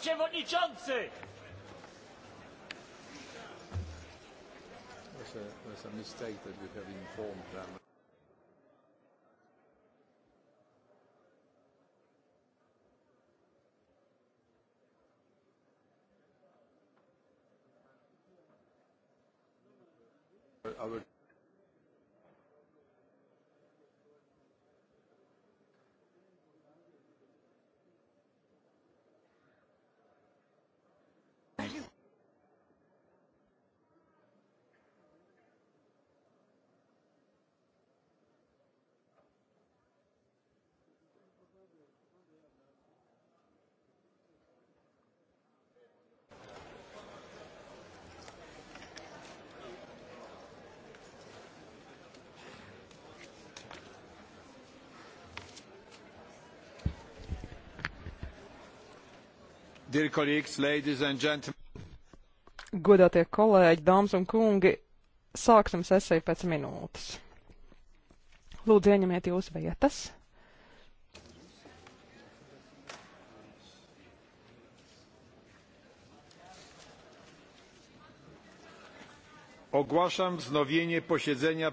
przewodniczący! There's a, there's a mistake that we have informed them. Our Dear colleagues, ladies and gentlemen. Godātie kolēģi, dāmas un kungi, sāksim sesiju pēc minūtes. Lūdzu, ieņemiet jūsu vietas. Ogłaszam wznowienie posiedzenia.